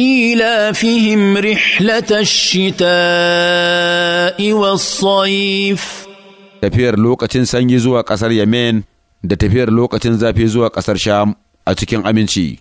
إيلافهم رحلة الشتاء والصيف tafiyar lokacin sanyi zuwa ƙasar Yemen da tafiyar lokacin zafi zuwa ƙasar Sham a cikin aminci.